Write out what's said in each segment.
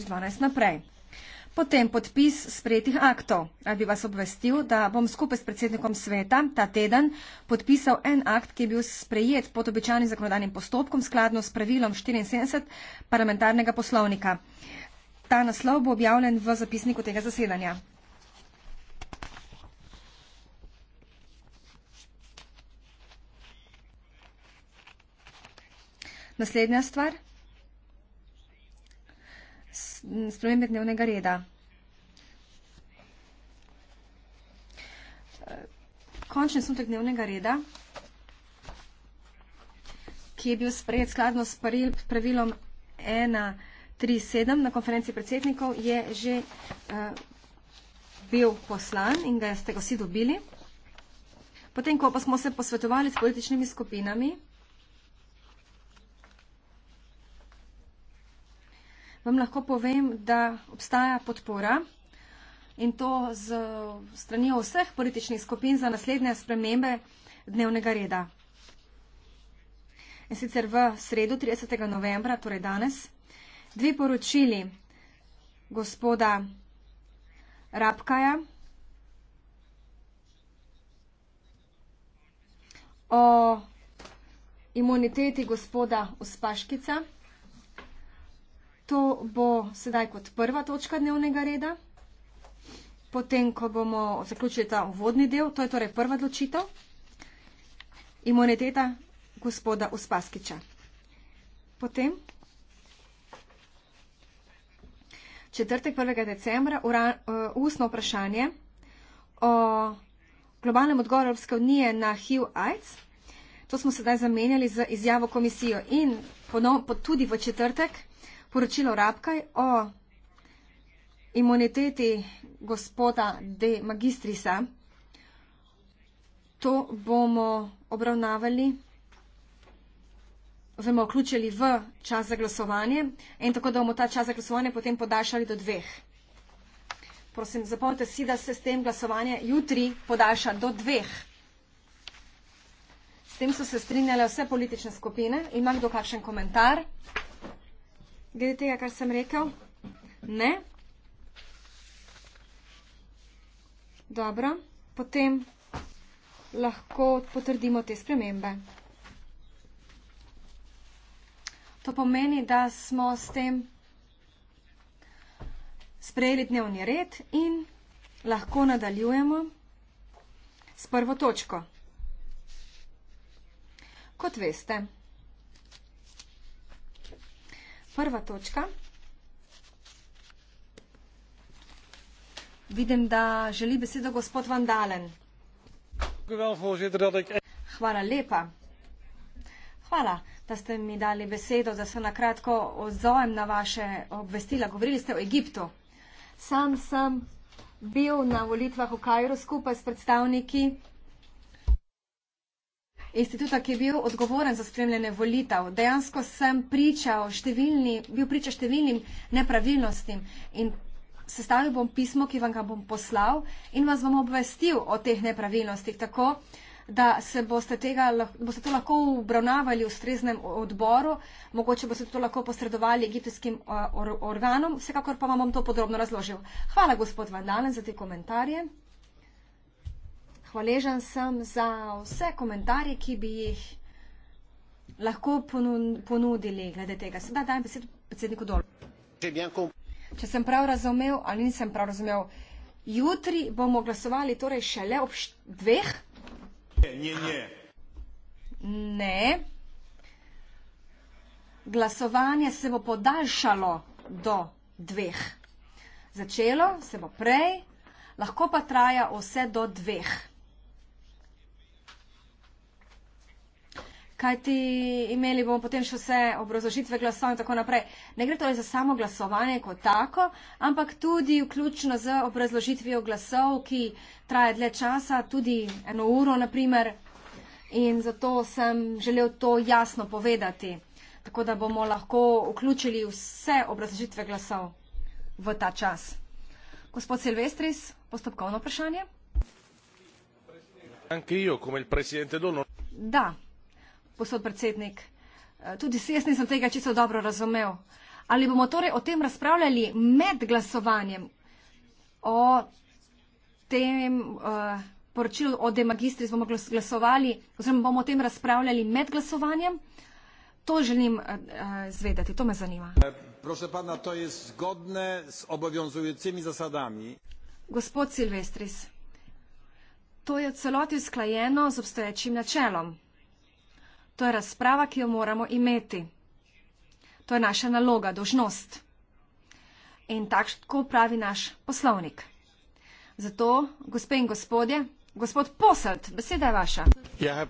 2012 naprej. Potem podpis sprejetih aktov. Rad bi vas obvestil, da bom skupaj s predsednikom sveta ta teden podpisal en akt, ki je bil sprejet pod običajnim zakonodajnim postopkom skladno s pravilom 74 parlamentarnega poslovnika. Ta naslov bo objavljen v zapisniku tega zasedanja. Naslednja stvar spremembe dnevnega reda. Končni osnutek dnevnega reda, ki je bil sprejet skladno s pravilom 1.3.7 na konferenci predsednikov, je že eh, bil poslan in ga ste ga vsi dobili. Potem, ko pa smo se posvetovali s političnimi skupinami, vam lahko povem, da obstaja podpora in to z strani vseh političnih skupin za naslednje spremembe dnevnega reda. In sicer v sredo 30. novembra, torej danes, dve poročili gospoda Rabkaja o imuniteti gospoda Uspaškica. To bo sedaj kot prva točka dnevnega reda. Potem, ko bomo zaključili ta vodni del, to je torej prva odločitev, imuniteta gospoda Uspaskiča. Potem, četrtek 1. decembra, ura, uh, ustno vprašanje o globalnem odgovoru Evropske unije na HIV-AIDS. To smo sedaj zamenjali z izjavo komisijo in ponov, po, tudi v četrtek poročilo Rabkaj o imuniteti gospoda de magistrisa. To bomo obravnavali, bomo vključili v čas za glasovanje in tako, da bomo ta čas za glasovanje potem podaljšali do dveh. Prosim, zapomnite si, da se s tem glasovanje jutri podaljša do dveh. S tem so se strinjale vse politične skupine. Ima kdo kakšen komentar? glede tega, kar sem rekel? Ne. Dobro, potem lahko potrdimo te spremembe. To pomeni, da smo s tem sprejeli dnevni red in lahko nadaljujemo s prvo točko. Kot veste, Prva točka. Vidim, da želi besedo gospod Vandalen. Hvala lepa. Hvala, da ste mi dali besedo, da se na kratko odzovem na vaše obvestila. Govorili ste o Egiptu. Sam sem bil na volitvah v Kajru skupaj s predstavniki instituta, ki je bil odgovoren za spremljanje volitev. Dejansko sem pričal številni, bil priča številnim nepravilnostim in sestavil bom pismo, ki vam ga bom poslal in vas bom obvestil o teh nepravilnostih tako, da se boste, tega, boste to lahko obravnavali v streznem odboru, mogoče boste to lahko posredovali egiptskim organom, vsekakor pa vam bom to podrobno razložil. Hvala gospod Vandalen za te komentarje hvaležen sem za vse komentarje, ki bi jih lahko ponudili glede tega. Sedaj dajem besedo predsedniku Dol. Če sem prav razumel ali nisem prav razumel, jutri bomo glasovali torej šele ob dveh? Ne, ne. Ne. Glasovanje se bo podaljšalo do dveh. Začelo se bo prej, lahko pa traja vse do dveh. kajti imeli bomo potem še vse obrazožitve glasov in tako naprej. Ne gre torej za samo glasovanje kot tako, ampak tudi vključno z obrazložitvijo glasov, ki traje dlje časa, tudi eno uro naprimer. In zato sem želel to jasno povedati, tako da bomo lahko vključili vse obrazložitve glasov v ta čas. Gospod Silvestris, postopkovno vprašanje. Da, gospod predsednik. Eh, tudi se jaz nisem tega čisto dobro razumel. Ali bomo torej o tem razpravljali med glasovanjem o tem uh, poročilu o demagistri, bomo glasovali, oziroma bomo o tem razpravljali med glasovanjem? To želim uh, zvedeti, to me zanima. E, proszę pana, to jest zgodne z obowiązującymi zasadami. Gospod Silvestris, to je celoti usklajeno z obstoječim načelom. To je razprava, ki jo moramo imeti. To je naša naloga, dožnost. In tako pravi naš poslovnik. Zato, gospe in gospodje, gospod Poselt, beseda je vaša. Ja,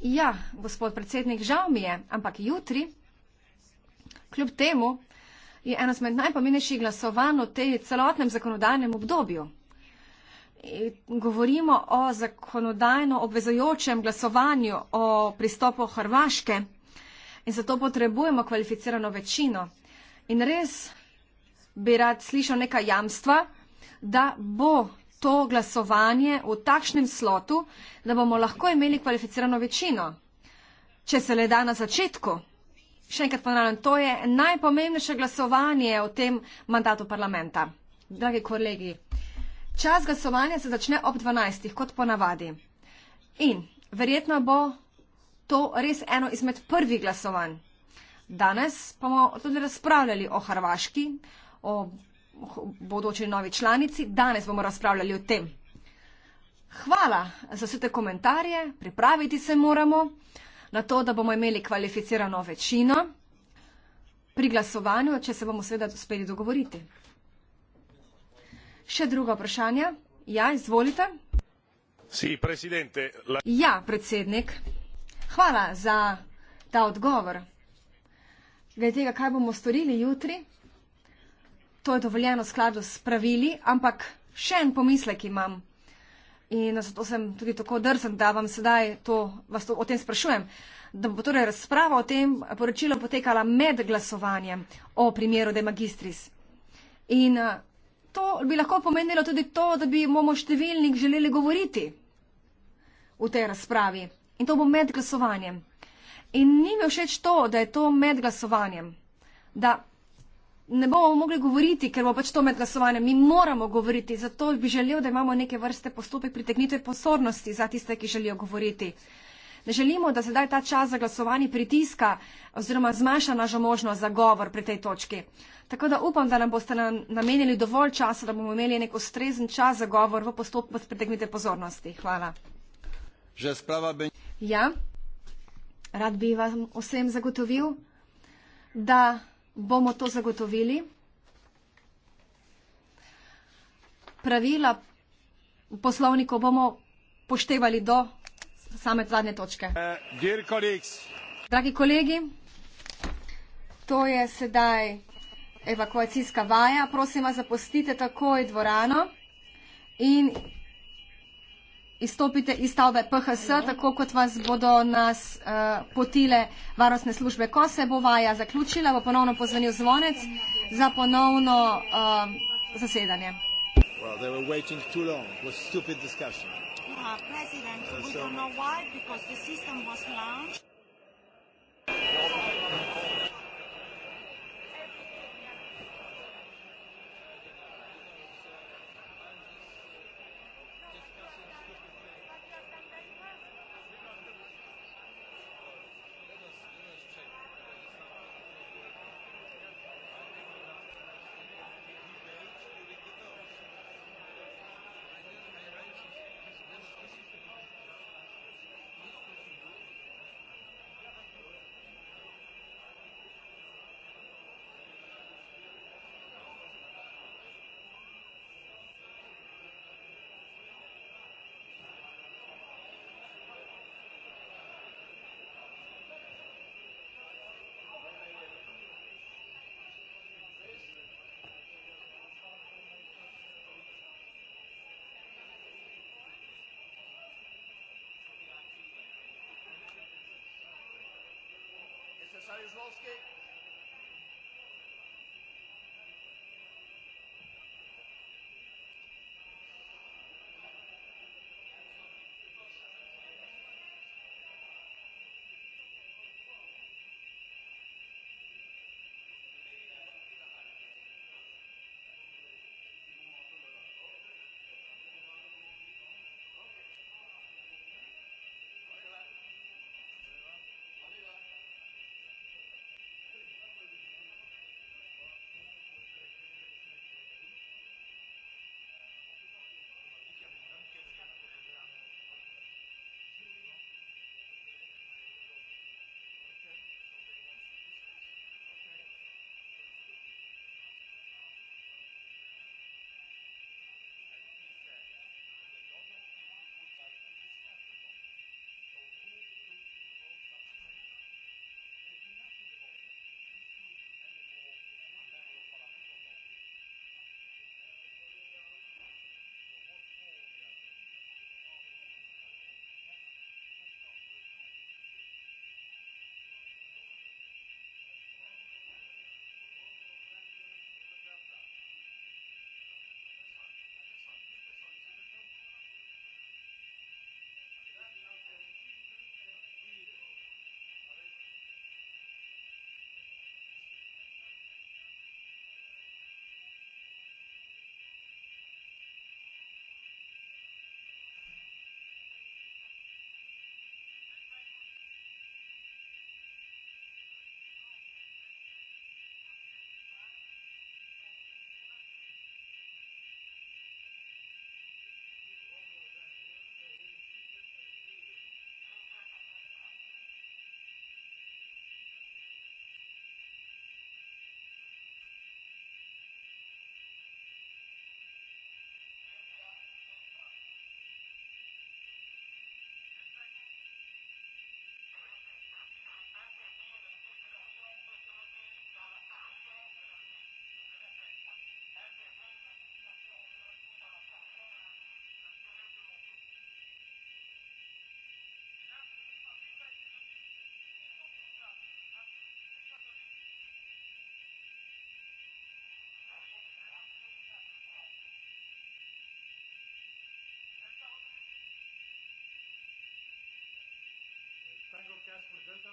ja, gospod predsednik, žal mi je, ampak jutri, kljub temu, je eno zmed najpomenejših glasovanj v tej celotnem zakonodajnem obdobju govorimo o zakonodajno obvezojočem glasovanju o pristopu Hrvaške in zato potrebujemo kvalificirano večino. In res bi rad slišal neka jamstva, da bo to glasovanje v takšnem slotu, da bomo lahko imeli kvalificirano večino, če se le da na začetku. Še enkrat ponavljam, to je najpomembnejše glasovanje v tem mandatu parlamenta. Dragi kolegi, Čas glasovanja se začne ob 12, kot ponavadi. In verjetno bo to res eno izmed prvih glasovanj. Danes pa bomo tudi razpravljali o Hrvaški, o bodoči novi članici. Danes bomo razpravljali o tem. Hvala za vse te komentarje, pripraviti se moramo na to, da bomo imeli kvalificirano večino pri glasovanju, če se bomo seveda uspeli dogovoriti. Še druga vprašanja? Ja, izvolite. Ja, predsednik. Hvala za ta odgovor. Glede tega, kaj bomo storili jutri, to je dovoljeno skladu s pravili, ampak še en pomislek imam. In zato sem tudi tako drzen, da vam sedaj to, vas to, o tem sprašujem. Da bo torej razprava o tem poročilu potekala med glasovanjem o primeru de magistris. In to bi lahko pomenilo tudi to, da bi bomo številnik želeli govoriti v tej razpravi. In to bo med glasovanjem. In ni mi všeč to, da je to med glasovanjem. Da ne bomo mogli govoriti, ker bo pač to med glasovanjem. Mi moramo govoriti. Zato bi želel, da imamo neke vrste postopek pritegnitve pozornosti za tiste, ki želijo govoriti. Uh, Ne želimo, da sedaj ta čas za glasovanje pritiska oziroma zmanjša našo možnost za govor pri tej točki. Tako da upam, da nam boste namenili dovolj časa, da bomo imeli nek ustrezen čas za govor v postopku s pretegnite pozornosti. Hvala. Že sprava ben... Ja, rad bi vam vsem zagotovil, da bomo to zagotovili. Pravila poslovnikov bomo poštevali do same zadnje točke. Uh, Dragi kolegi, to je sedaj evakuacijska vaja. Prosim vas, zapustite takoj dvorano in izstopite iz stavbe PHS, tako kot vas bodo nas uh, potile varnostne službe. Ko se bo vaja zaključila, bo ponovno pozvonil zvonec za ponovno uh, zasedanje. Well, they were waiting too long. It was stupid discussion president, we don't know why, because the system was launched. Sir Sally Zlowski. Tango Cast presenta.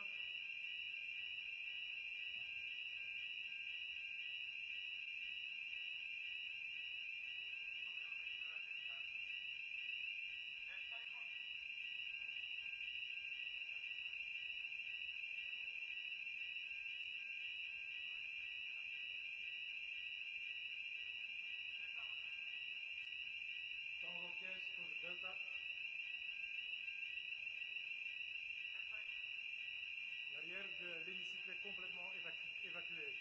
Tango Cast presenta. de l'hémicycle est complètement évacué. évacué.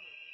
brother.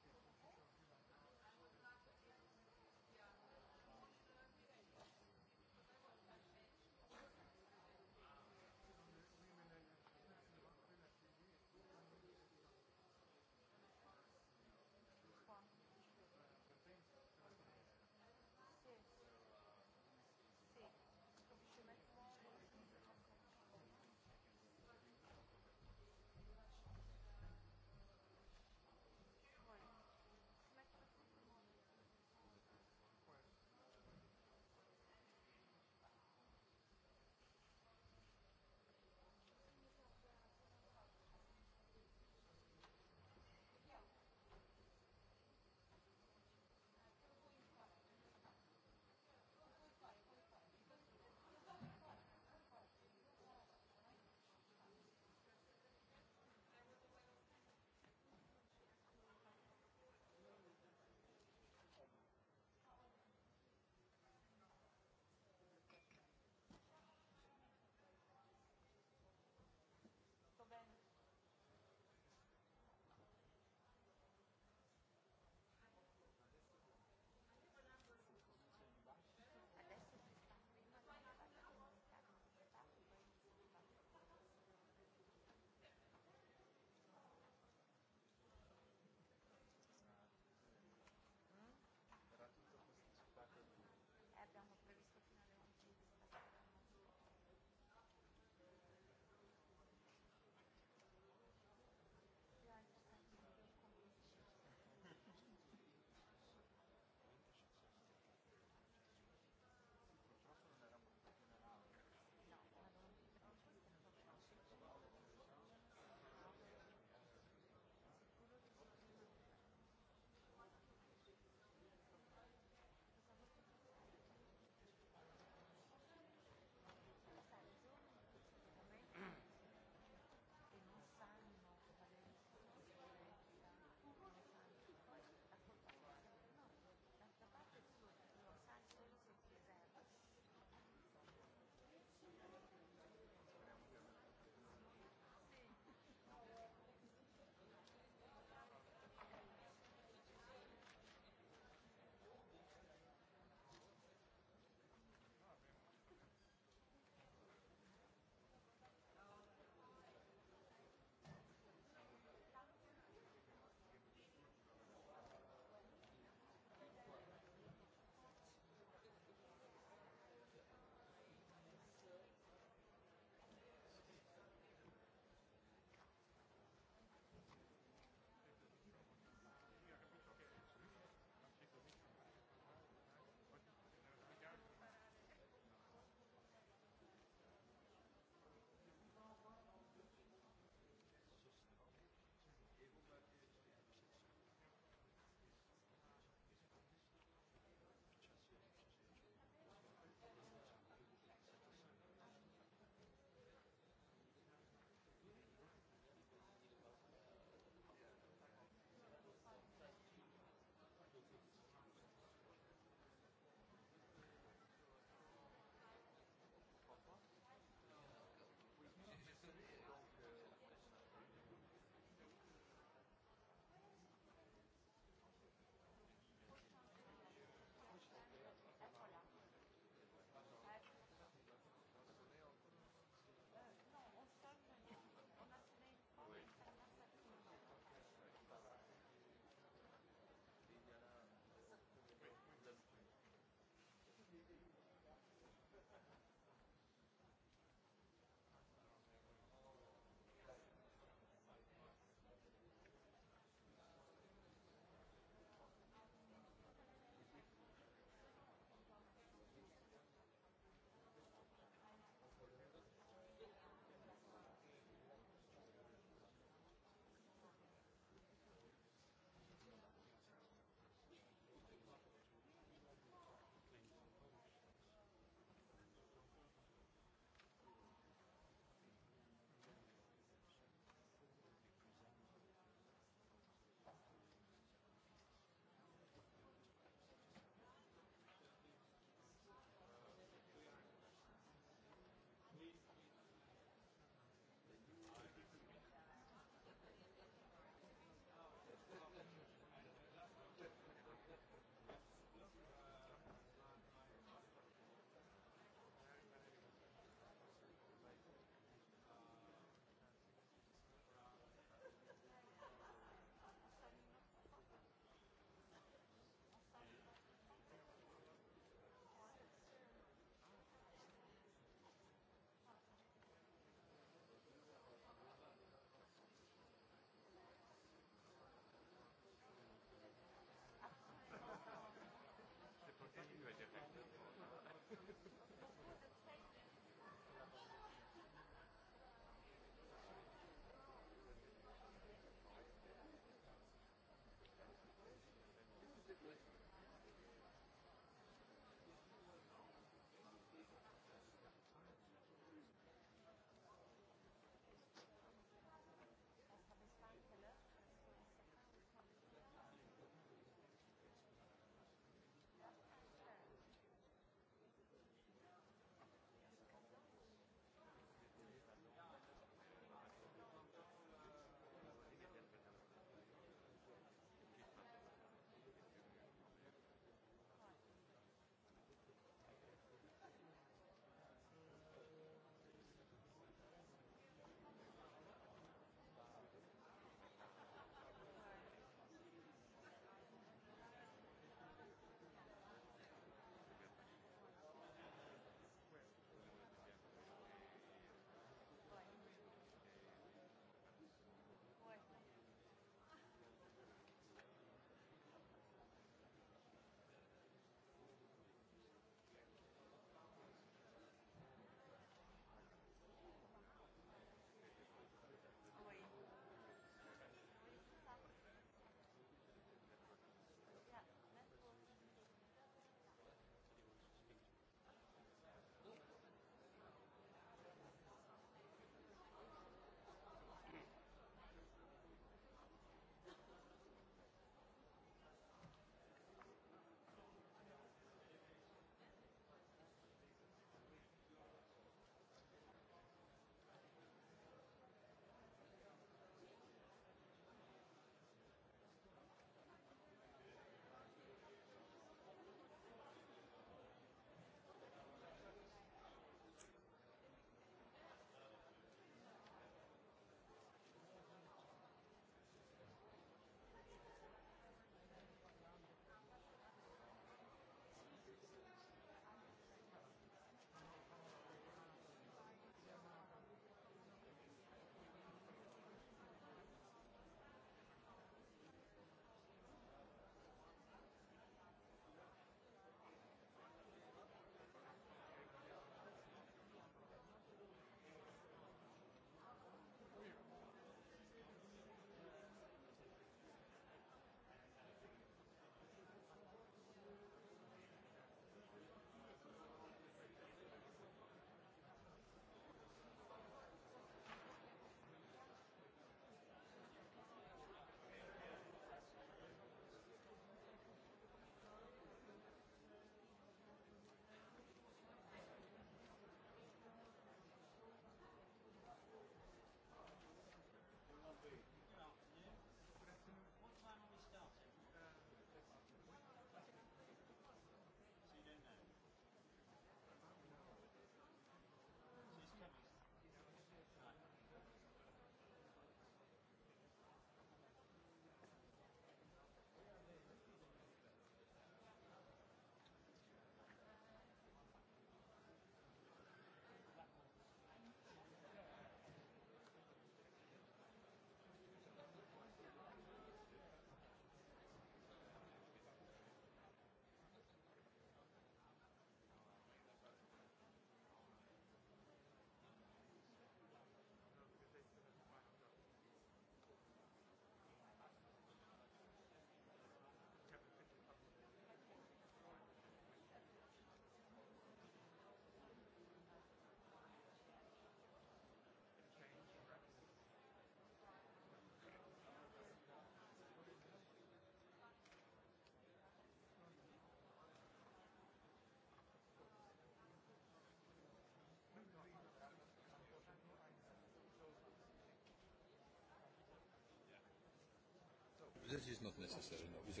not necessary. No, no it's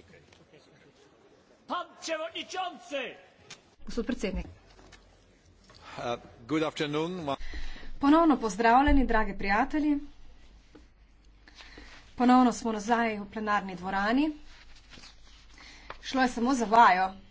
okay. Pan przewodniczący! Uh, good afternoon. Ponovno pozdravljeni, dragi prijatelji. Ponovno smo nazaj v plenarni dvorani. Šlo je samo za vajo,